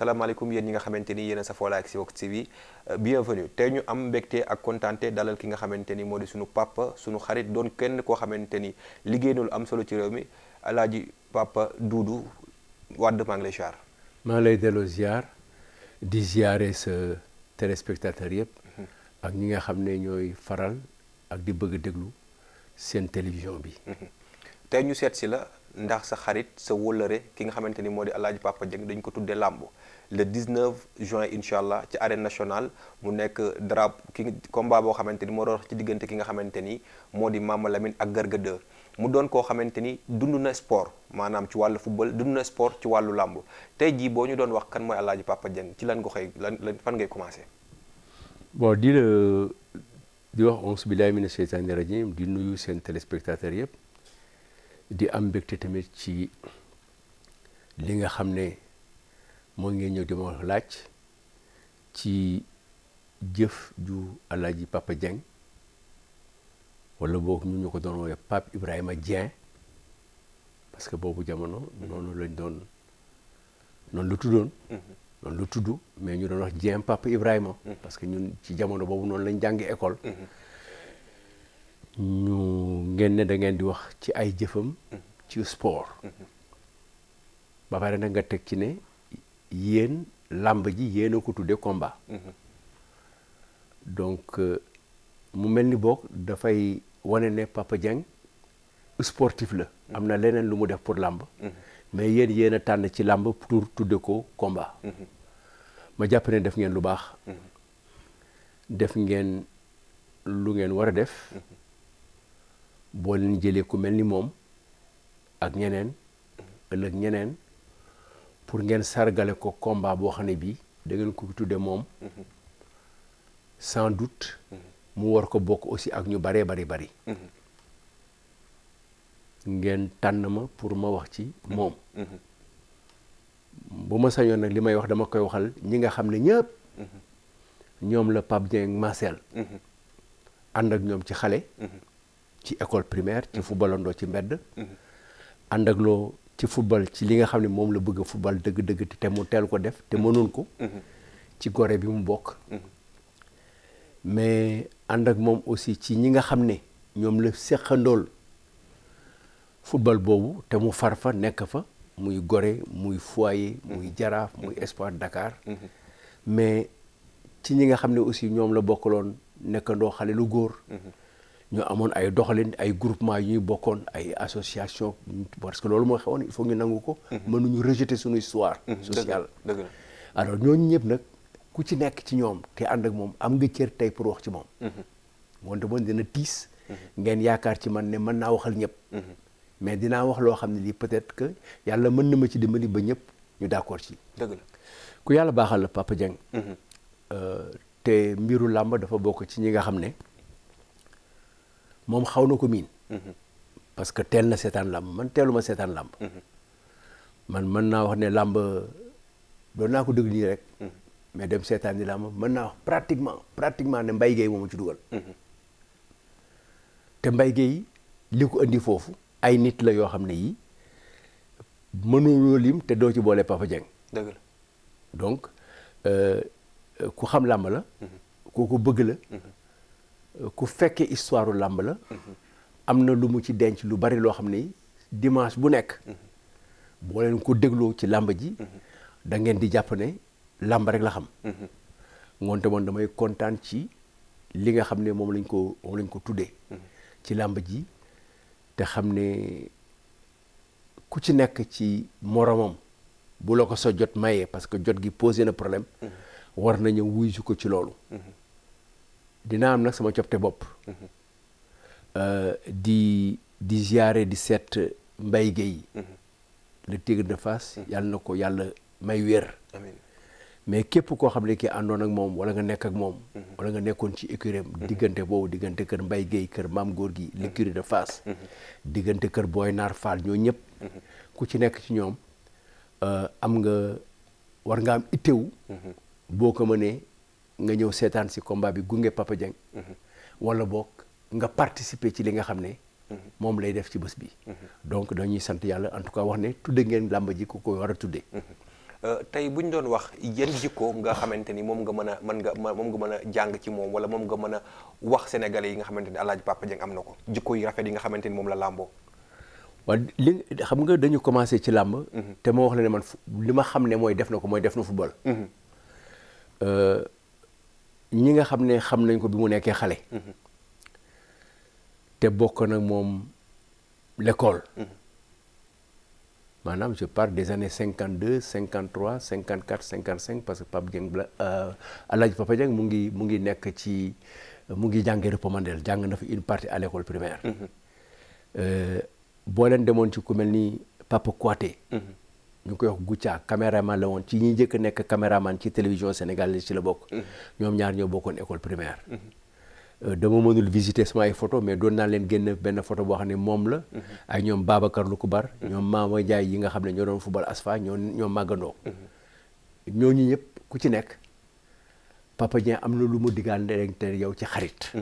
salaamaaleykum yéen ñi nga xamante ni yéen a safoo Like Siweek TV euh, bienvenue tey ñu am mbégte ak kontaante dalal ki nga xamante ni moo di suñu papa suñu xarit doon kenn koo xamante ni liggéey liggéeynul am solo ci réew mi alaaji papa Doudou Wade maa ngi lay ziar maa ngi lay delloo ziar di ziare sa téléspectateur yëpp mm-hmm. ak ñi nga xam ne ñooy faral ak di bëgg déglu seen télévision bi mm-hmm. tey ñu seet la ndax sa xarit sa wóllëre ki nga xamante ni moo di Alaaji Papa Dieng dañ ko tuddee làmb le 19 juin incha allah ci arène nationale mu nekk drap ki combat boo xamante ni moo doon ci diggante ki nga xamante ni moo di Mama Lamine ak Garga mu doon koo xamante ni dund na sport maanaam ci wàllu football dund na sport ci wàllu làmb tey jii boo ñu doon wax kan mooy Alaaji Papa Dieng ci lan ko xëy lan lan fan ngay commencé. bon di la di wax auzu billaahi mina sheytaani rajiim di nuyu seen téléspectateurs yëpp. di am mbégte tamit ci li nga xam ne moo ngi ñëw di ma laaj ci jëf ju ji Papa Dieng wala boog ñun ñu ko doon woowee Pape Ibrahima Dieng parce que boobu jamono noonu lañ doon noonu lu tuddoon mm-hmm. noonu lu tudd mais ñu doon wax Dieng Papa Ibrahima mm-hmm. parce que ñun ci jamono boobu noonu lañ jàngi école mm-hmm. ñu ngeen ne da ngeen di wax ci ay jëfam ci sport bapare nag nga teg ci ne yéen làmb ji yéen a ko tudde combat donc euh, mu mel ni boog dafay wane ne Papa Dieng sportif la am na leneen lu mu def pour làmb mais yéen yéen tànn ci làmb pour tudde ko komba ma jàpp ne def ngeen lu baax def ngeen lu ngeen war a def boo leen jëlee ku mel ni moom ak ñeneen ëllëg ñeneen pour ngeen sargale ko combat boo xam ne bii dangeen ngeen ko tudde moom sans doute mu war ko bokk aussi ak ñu baree bari bari ngeen tànn ma pour ma wax ci moom bu ma sañoon nag li may wax dama koy waxal ñi nga xam ne ñëpp ñoom la Pape Dieng mhm. ànd ak ñoom ci xale mhm. ci école primaire ci mhm. footballandoo ci mbedd mhm. ànd ak loo ci football ci li nga xam ne moom la bëgg a football dëgg-dëgg te mu teel ko def te mhm. mënul ko ci gore bi mu bokk mais ànd ak moom aussi ci ñi nga xam ne ñoom la seqandool football boobu te mu far nekk fa muy Gorée muy Foyer muy Jaraaf muy Espoir Dakar mais ci ñi nga xam ne aussi ñoom la bokkaloon nekkandoo xale lu góor ñu amoon ay doxalin ay groupement yu ñu bokkoon ay association parce que loolu moo xewoon il faut ñu nangu ko mën mhm. mënuñu rejeter suñu histoire mhm, sociale alors ñooñu ñëpp nag ku ci nekk ci ñoom te ànd ak moom am nga cër tey pour wax ci moom moonte mhm. moon dina tiis ngeen yaakaar ci man ne mën naa waxal ñëpp mais dinaa wax loo xam ne lii peut-être que yàlla mën na ma ci dimbali ba ñëpp ñu d'accord ci dëgg la ku yàlla baaxal la Papa Dieng euh, te mbiru làmb dafa bokk ci ñi nga xam ne moom xaw na ko miin. Mhm. parce que teel na seetaan làmb man teeluma seetaan làmb. Mhm. man mën naa wax ne làmb doon naa ko déglu nii rek. Mhm. mais dem seetaan ni làmb mën naa wax pratiquement pratiquement ne Mbaye Gueye moomu ci dugal. te Mbaye Gueye li ko indi foofu ay nit la yoo xam ne yii mënuloo lim te doo ci boole Papa Dieng. donc euh, ku xam làmb la. kooku bëgg la. ku fekkee histoire làmb la. am na lu mu ci denc lu bari loo xam ni dimanche bu nekk. boo leen ko dégloo ci làmb ji. da ngeen di jàpp ne làmb rek la xam. ngoonte moom damay kontaan ci li nga xam ne moom lañ ko lañ ko tuddee. ci làmb ji te xam ne ku ci nekk ci moromam bu la ko sa jot mayee parce que jot gi posé na problème. war nañu wuyu ko ci loolu. dina am nag sama copte bopp euh, di di ziare di seet mbay Gueye le tigre de Fass yàlla na ko yàlla may wér mais képp koo xam ne kii àndoon ak moom wala nga nekk ak moom wala nga nekkoon ci écurie diggante boobu diggante kër mbay géey kër Maam Góor gi l'écurie de Fass diggante kër Boy Naar Fall ñoo ñëpp ku ci nekk ci ñoom euh, am nga war nga am ittewu mhm. boo ko mënee nga ñëw seetaan si combat bi gunge Papa Dieng. wala boog nga participer ci li nga xam ne. moom lay def ci bés bi. donc dañuy sant yàlla en tout cas wax ne tudde ngeen làmb ji ku ko war a tuddee. Euh, tey bu ñu doon wax yan jikko nga xamante ni moom nga mën a mën nga moom nga mën a jàng ci moom wala moom nga mën a wax sénégalais yi nga xamante ni Alaaji Papa Dieng am na ko jikko yu rafet yi nga xamante moom la làmboo. waaw li xam nga dañu commencé ci làmb. Mhm. te moo wax la ne man li ma xam ne mooy def na ko mooy def na football. Mhm. Euh, ñi nga xam ne xam nañ ko bi mu nekkee xale te bokk nag moom lekkool maanaam je parle des années cinquante deux cinquante trois cinquante quatre cinquante cinq parce que Pape Dieng bla euh, Alaaji Papa Dieng mu ngi mu ngi nekk ci mu ngi jàngee Repo Mandel jàng na fi une partie à l'école primaire mm-hmm. euh, boo leen demoon ci ku mel ni Papa Kouaté mm-hmm. ñu ngi koy wax Goutia caméraman la woon ci ñi njëkk nekk caméraman ci télévision sénégalaise ci la bokk. ñoom ñaar ñoo bokkoon école primaire. Euh, dama mënul visiter sama ay photo mais doon naa leen génn benn photo boo xam ne moom la. ak ñoom baabakar Babacar Loukobar. ñoom Mama Ndiaye yi nga xam ne ñoo doon football Asfa ñoo ñoo màggandoo. ñooñu ñëpp ku ci nekk Papa Dieng am na lu mu diggante yow ci xarit.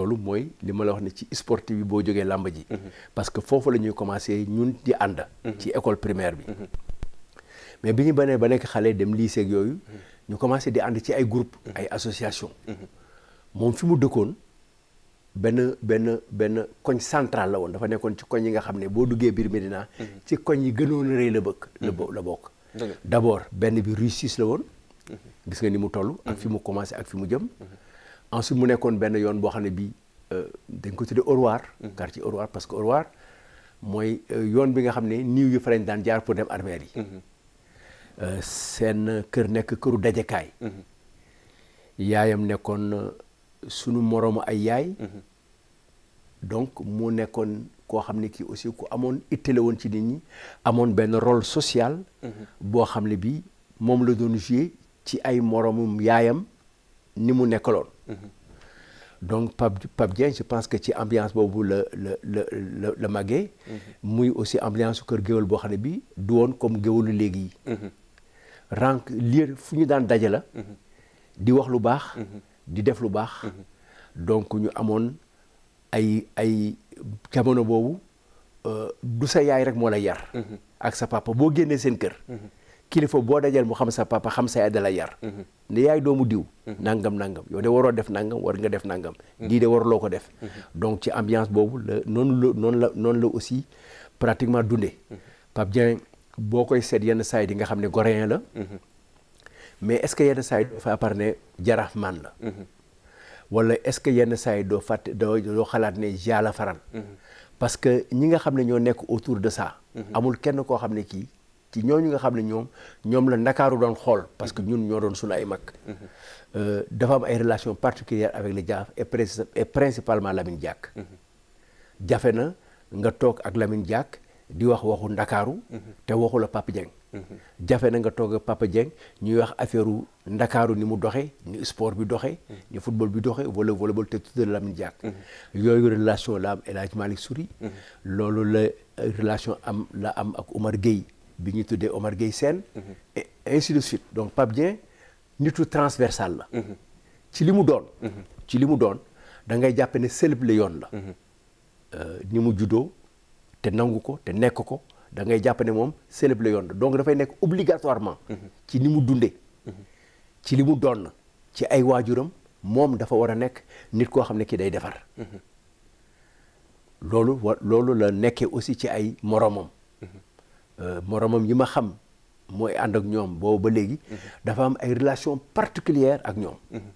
loolu mooy li ma la wax ne ci sportif bi boo jógee làmb ji mhm. parce que foofu la ñuy commencé ñun di ànd mhm. ci école primaire bi mhm. mais bi ñu banee ba nekk xale dem lycée yooyu ñu commencé di ànd ci ay groupe ay association moom fi mu dëkkoon benn benn benn koñ central la woon dafa nekkoon ci koñ yi nga xam ne boo duggee biir Médina ci koñ yi gënoon a rëy la bëkk la la bokk d'abord benn bi rue six la woon gis nga ni mu toll ak fi mu commencé ak fi mu jëm ensuite mu nekkoon benn yoon boo xam ne bii euh, dañ ko tuddee Orwar. Mm-hmm. quartier Orwar parce que Orwar mooy euh, yoon bi nga xam ne niiw yu farañ daan jaar pour dem armeel mm-hmm. euh, seen kër nekk këru dajekaay. Mm-hmm. yaayam nekkoon sunu moroomu ay yaay. donc mu nekkoon koo xam ne kii aussi ku amoon ittale woon ci nit ñi amoon benn rôle sociale boo xam ne bi moom la doon joué ci ay moroomu yaayam ni mu nekkaloon. Mhm. donc Pape Pape Dieng je pense que ci ambiance boobu la la la la mhm. muy aussi ambiance kër géwél boo xam ne bi du woon comme géwélu léegi yi. Mhm. rank lii fu ñu daan daje la. di wax lu baax. di def lu baax. donc ñu amoon ay ay jamono boobu euh, du sa yaay rek moo lay yar. ak sa papa boo génnee seen kër. kilifa boo dajal mu xam sa papa xam sa yaay da la yar mhm. ne yaay doomu diw mhm. nangam nangam yow de waroo def nangam war nga def nangam dii mhm. de waruloo ko def donc ci ambiance boobu noonu la noonu la noonu la aussi pratiquement dundee Pape Dieng boo koy seet yenn saa yi di nga xam ne goréen la mais est-ce que yenn saa yi doo fa appar ne man la est-ce que yenn saa doo fàtte doo doo xalaat ne jaala faran parce que ñi nga xam ne ñoo nekk autour de saa amul kenn koo xam ne kii ci ñu nga xam ne ñoom ñoom la ndakaaru doon xool parce que ñun ñoo doon suñu ay mag euh, dafa am ay relations particulières avec le Jaaf et et principalement Lamine Diack jafe na nga toog ak Lamine Diack di wax waxu ndakaaru te waxu la Papa Dieng jafe na nga toog ak Papa Dieng ñuy wax affaireu ndakaaru ni mu doxe ni sport bi doxe ni football bi doxe wala volleyball te tudd Lamine Diack yooyu relation la am El Hadj Malick mm-hmm. loolu la relation am la am ak Omar Gueye bi ñu tuddee Omar Gueye Sène et ainsi de donc Pape Dieng nitu transversal la ci li mu doon ci li mu doon da ngay jàppe ne célèbre yoon la euh, ni mu juddoo te nangu ko te nekk ko da ngay jàpp ne moom célèbre yoon la donc dafay nekk obligatoirement ci ni mu dundee ci li mu doon na ci ay waajuram moom dafa war a nekk nit koo xam ne kii day defar loolu la nekkee aussi ci ay moroomam Euh, moromam yi ma xam mooy ànd ak ñoom boobu ba léegi mhm. dafa am ay relation particulière ak ñoom mhm.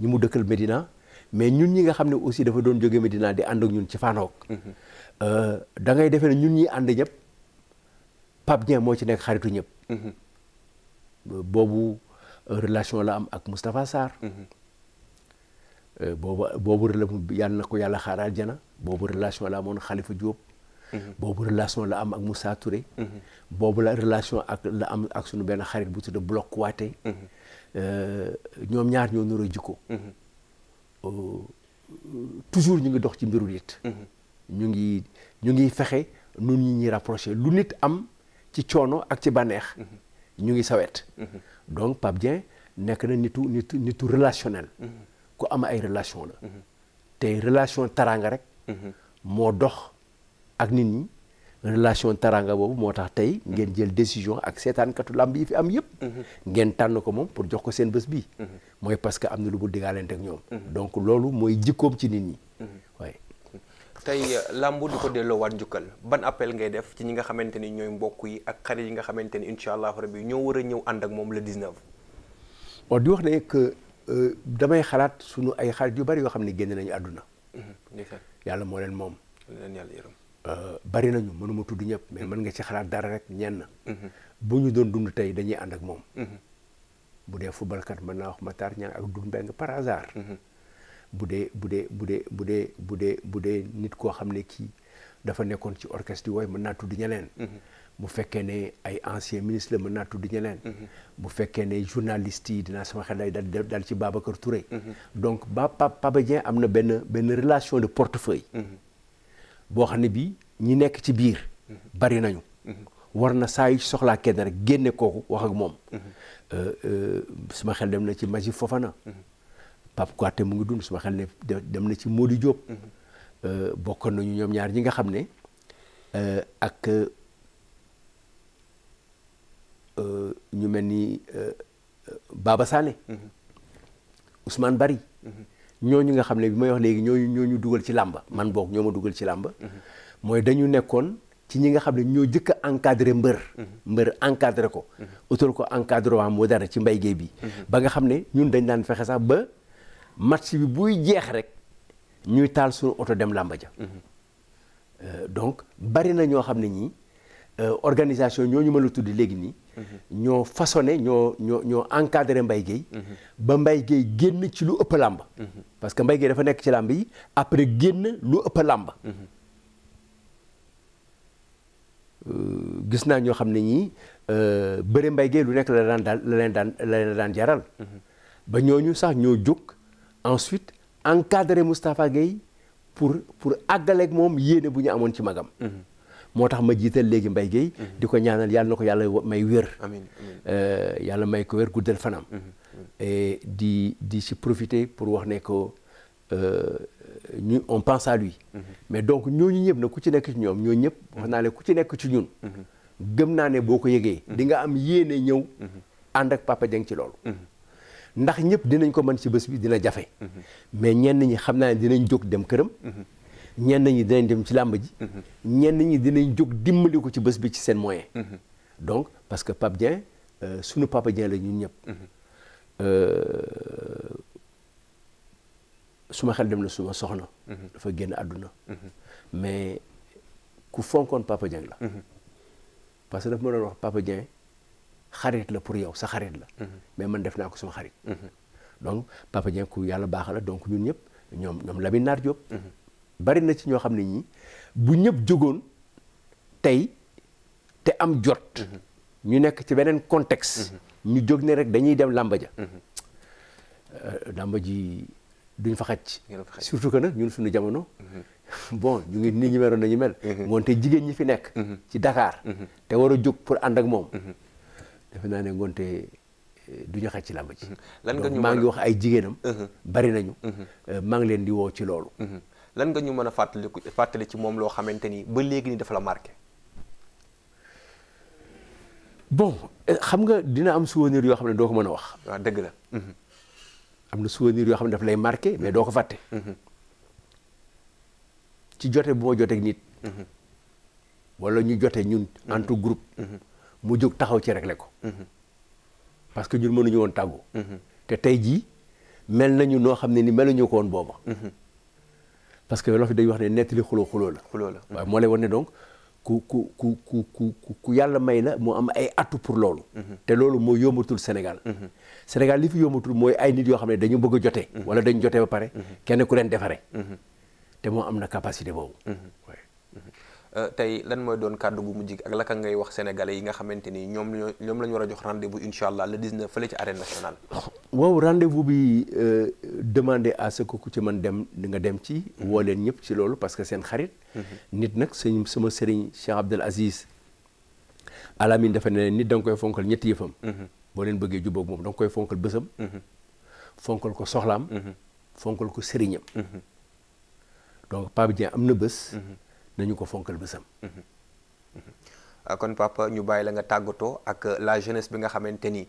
ñi mu dëkkal Médina mais ñun ñi nga xam ne aussi dafa doon joge Médina di ànd ak ñun ci Fanook mhm. euh, da ngay defee ne ñun ñi ànd ñëpp Pape Dieng moo ci nekk xaritu ñëpp euh, boobu relation la am ak Moustapha Sarr boobu boobu relation yàlla na ko yàlla xaaral jana boobu relation la amoon Khalifa Diop Mhm. boobu relation la am ak Moussa Touré. Mhm. boobu la relation ak la am ak sunu benn xarit bu tudd Bloc Waate. Mhm. Euh, ñoom ñaar ñoo nuroo jikko. Euh, toujours ñu ngi dox ci mbiru nit. ñu ngi ñu ngi fexe nun ñi ñuy rapproché lu nit am ci coono ak ci bànneex. ñu ngi sawet donc Pape Dieng nekk na nitu nitu nitu relationnel. ku am ay relation la. te relation taraanga rek. moo dox. ak nit ñi relation taranga boobu moo tax tey ngeen jël décision ak seetaankatu làmb yi fi am yëpp mm-hmm. ngeen tànn ko moom pour jox ko seen bés bi mm-hmm. mooy parce que am na lu mu digaalante ak ñoom mm-hmm. donc loolu mooy jikkoom ci nit ñi waaye tey euh, làmb di ko delloo waat njukkal ban appel ngay def ci ñi nga xamante ni ñooy mbokk yi ak xarit yi nga xamante ni incha allah rabbi ñoo war a ñëw ànd ak moom le 19 oo di wax ne que euh, damay xalaat sunu ay xarit yu bari yoo xam ne génn nañu àdduna yàlla moo leen moom Euh, bari nañu mënuma tudd ñëpp mais mën nga ci xalaat dara rek ñenn. Mhm. bu ñu doon dund tey dañuy ànd ak moom. Mhm. bu dee footballkat mën naa wax Matar Niang ak Doudou Mbengue par hasard. Mhm. bu dee bu dee bu dee bu dee bu dee bu dee nit koo xam ne kii dafa nekkoon ci orchestre yi waaye mën naa tudd ñeneen. bu fekkee ne ay ancien ministre mën naa tudd ñeneen. bu fekkee ne journaliste yi dinaa sama xel day dal ci Babacar Touré. donc ba Papa Dieng am na benn benn relation de portefeuille. boo xam ne bii ñi nekk ci biir bari nañu war na saa yu soxlaa kenn rek génne kooku wax ak moom mhm. euh, euh, suma xel dem na ci Magib Fofana mhm. Pape Kouaté mu ngi dund suma xel ne dem na ci Modou Diop mhm. euh, bokk nañu ñoom ñaar ñi nga xam ne ak ñu mel ni Baba Sané Ousmane Bari ñoo ñooñu nga xam ne bi may wax léegi ñooñu ñu dugal ci làmba man boog ñoo ma dugal ci làmb mhm. mooy dañu nekkoon ci ñi nga xam ne ñoo jëkk a mbër mhm. mbër encadré ko mhm. utal ko encadre encadrement moderne ci mbay géey bi ba nga xam ne ñun dañ daan fexe sax ba match bi buy jeex rek ñuy taal suñu oto dem làmba ja euh, donc bari na ñoo xam ne ñii Euh, organisation ñoo ñu mën a tudd léegi nii. ñoo façonne ñoo ñoo ñoo encadré Mbaye Guèye. ba mbay Guèye génn ci lu ëpp làmb. parce que mbay Guèye dafa nekk ci làmb yi après génn lu ëpp làmb. Euh, gis naa ñoo xam ne ñii euh, bëre Mbaye Guèye lu nekk la daan daan la leen daan la leen daan jaral. ba ñoo ñu sax ñoo jóg ensuite encadré Moustapha Guèye pour pour àggaleeg moom yéene bu ñu amoon ci magam. moo tax ma jiital léegi mbay Guèye mm-hmm. di ko ñaanal yàlla na ko yàlla may wér euh, yàlla may ko wér guddal fanam mm-hmm, mm-hmm. et di di si profité pour wax ne ko euh, ñu on pense à lui mais donc ñooñu ñëpp na ku ci nekk ci ñoom ñooñu ñëpp wax naa ne ku ci nekk ci ñun gëm naa ne boo ko yëgee di nga am yéene ñëw ànd ak Papa Dieng ci loolu ndax ñëpp dinañ ko mën ci bés bi dina jafe mais ñenn ñi xam naa ne dinañ jóg dem këram ñenn ñi dinañ dem ci làmb ji. Mhm. ñi dinañ jóg dimbali ko ci bés bi ci seen moyen. Mhm. donc parce que Pape Dieng euh, sunu Papa Dieng la ñun ñëpp. Mhm. Euh, suma xel dem na suma soxna. dafa génn àdduna. mais ku fonkoon Papa Dieng la. parce que dafa ma doon wax Papa Dieng xarit la pour yow sa xarit la. mais man def naa ko suma xarit. donc Papa ku yàlla baax la donc ñun ñëpp ñoom ñoom Lamine Naar Diop. bari na ci ñoo xam ne ñii bu ñëpp jógoon tey te am jot. Mhm. ñu nekk ci beneen contexte. Mhm. ñu jóg ne rek dañuy dem làmba ja. Mhm. Euh, làmba ji duñ fa xaj. surtout que nag ñun suñu jamono. bon ñu ngi nii ñu meloon nañu mel. ngoonte jigéen ñi fi nekk. ci Dakar. te war a jóg pour ànd ak moom. defe naa ne ngoonte euh, du ñu xaj ci làmba ji. lan nga maa ngi wax ay jigéenam. bari nañu. Euh, maa ngi leen di woo ci loolu. lan nga ñu mën a fàttali fàttali ci moom loo xamante ni ba léegi ni dafa la marqué. bon eh, xam nga dina am souvenir yoo xam ne doo ko mën a wax. dëgg la. Mhm. na souvenir yoo xam ne daf lay marqué mais doo ko fàtte. Mhm. ci jote bu ma jotee nit. Mhm. wala ñu jote ñun entre groupe. mu jóg taxaw ci réglé ko. parce que ñun mënuñu woon tàggu. te tey jii mel nañu noo xam ne ni meluñu ko woon booba. parce que loolu fi wax ne nettali xuloo xuloo la. xuloo la waaw moo lay wan ne donc ku ku ku ku ku ku yàlla may la moo am ay atu pour loolu. Mhm. te loolu mooy yombatul Sénégal. Mhm. Sénégal li fi yombatul mooy ay nit yoo xam ne dañu bëgg a jotee. Mhm. wala dañu jotee ba pare. kenn ku leen defaree. te moo am na capacité boobu. Euh, tey lan mooy doon kàddu gu mujj ak laka ngay wax sénégale yi nga xamante ni ñoom ñoo ñoom la war a jox rendez-vous incha allah le 19 fële ci arène nationale. waaw rendez bi euh, demander à ce ku ci man dem nga dem ci. Mhm. woo leen ñëpp ci loolu parce que seen xarit. Mhm. nit nag sëñ sama sëriñ Cheikh Abdel Aziz Alamine dafa ne nit da koy fonkal ñetti yëfam. Mhm. boo leen bëggee jubboog moom da koy fonkal bésam. fonkal ko soxlaam. fonkal ko sëriñam. donc Pape Dieng am na bés. nañu ko fonkal bésam. Euh, kon papa ñu bàyyi la nga tàggatoo ak euh, la jeunesse bi nga xamante ni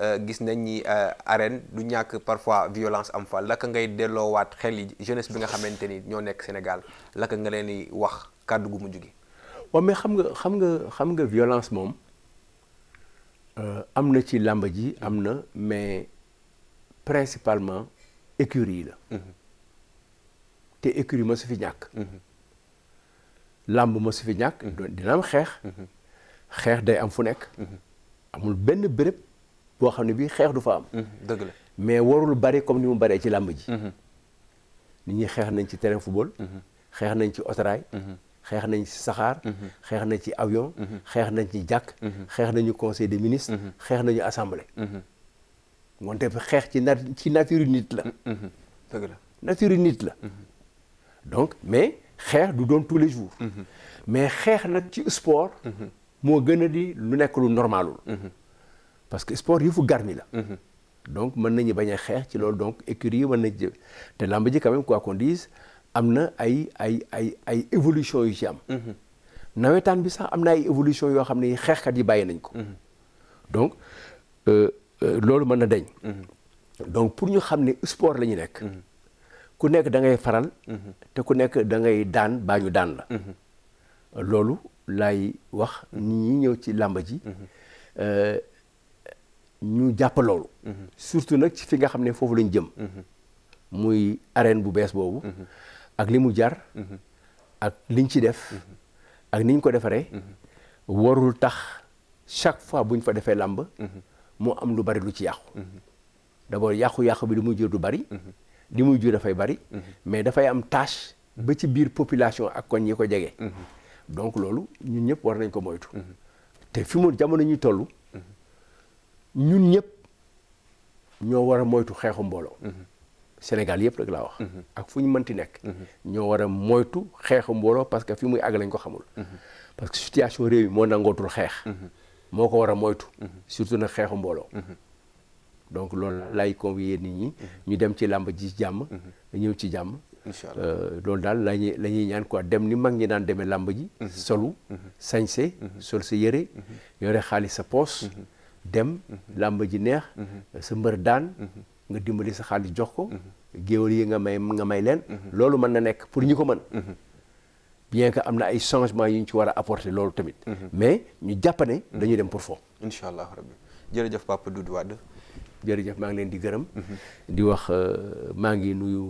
euh, gis nañ ni arène du ñàkk parfois violence am fa lakk ngay delloowaat xel yi jeunesse bi nga xamante ni ñoo nekk Sénégal lakk nga leen di wax kàddu gu mujj gi. waaw mais xam nga xam nga xam nga violence moom am na ci làmb ji am na mais principalement écurie yi la. Mm-hmm. te écurie ma su fi ñàkk. Mm-hmm. làmb ma sufi fi ñàkk. Mhm. dina am xeex. Mhm. xeex day am fu nekk. Mhm. amul benn béréb boo xam ne bii xeex du fa am. dëgg la mais warul bari comme ni mu baree ci làmb ji. nit ñi xeex nañ ci terrain football. xeex nañ ci autorail. xeex nañ ci saxaar. xeex nañ ci avion. xeex nañ ci jàkk. xeex nañu conseil de ministre xeex nañu assemblée. moom tamit xeex ci nat ci nature nit la. la nature nit la. donc mais. xeex du doon tous les jours. Mhm. mais xeex nag ci sport. Mhm. moo gën a di lu nekk lu normalul mhm. parce que sport yëfu garmi la. donc mën nañu bañ a xeex ci loolu donc écurie yi mën nañu jë te làmb ji quand même quoi qu'on dise am na ay ay ay ay évolution yu ci am. nawetaan bi sax am na ay évolution yoo xam ne xeexkat yi bàyyi nañ ko. donc euh, euh, loolu mën na dañ. donc pour ñu xam ne sport la ñu nekk. ku nekk da ngay faral te ku nekk da ngay daan baa ñu daan la loolu lay wax nit ñi ñëw ci làmba ji ñu jàpp loolu surtout nag ci fi nga xam ne foofu lañ jëm muy arène bu bees boobu ak li mu jar ak liñ ci def ak niñ ko defaree warul tax chaque fois buñ fa defee làmb mu am lu bari lu ci yàqu d'abord yàqu-yàqu bi lu muy jur lu bari li muy jur dafay bari. Mhm. mais dafay am tâche ba ci biir population ak koñ yi ko jege. Mhm. donc loolu ñun ñëpp war nañ ko moytu. Mhm. te fi mu jamono ñuy toll. ñun ñëpp ñoo war a moytu xeexu mbooloo. Sénégal yëpp rek laa wax. ak fu ñu mënti nekk. ñoo war a moytu xeexu mbooloo parce que fi muy àgg lañ ko xamul. parce que situation réew mi moo nangootul xeex. moo ko war a moytu. surtout nag xeexu mbooloo. donc loolu lay convier nit ñi. Mhm. ñu dem ci làmba ji jàmm. Mhm. ñëw ci jàmm. incha euh, allah loolu daal la ñuy la ñuy ñaan quoi dem ni mag ñi daan demee làmb ji. Mhm. solu sañse sol sa yére yore xaalis sa poos. dem làmb ji neex. sa mbër daan. nga dimbali sa xaalis jox ko. géwél yi nga may nga may leen. loolu mën na nekk pour ñi ko mën. bien que am na ay changements yu ñu ci war a apporter loolu tamit. mais ñu jàpp ne dañuy dem pour fo. incha allah rabbi jërëjëf Papa Doudou wàdd jërëjëf maa ngi leen di gërëm. Mm-hmm. di wax euh, maa ngi nuyu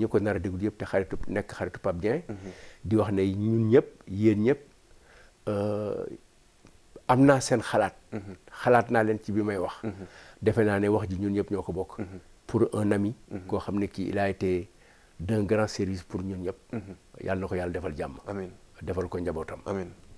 ñi ko nar a déglu yëpp te xaritu nekk xaritu Pape Dieng. Mm-hmm. di wax ne ñun ñëpp yéen ñëpp euh, am naa seen xalaat. Mm-hmm. xalaat naa leen ci bi may wax. defe naa ne wax ji ñun ñëpp ñoo ko bokk. pour un ami. koo xam ne kii il a grand service pour ñun ñëpp. yàlla na ko yàlla defal jàmm. amiin defal ko njabootam. amiin.